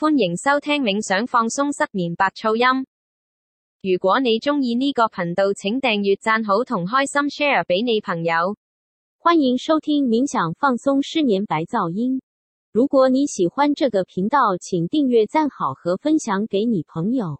歡迎收聽冥想放鬆失眠白噪音。如果你中意呢個頻道，請訂閱讚好同開心 share 俾你朋友。歡迎收聽冥想放鬆失眠白噪音。如果你喜歡這個頻道，請訂閱讚好和分享給你朋友。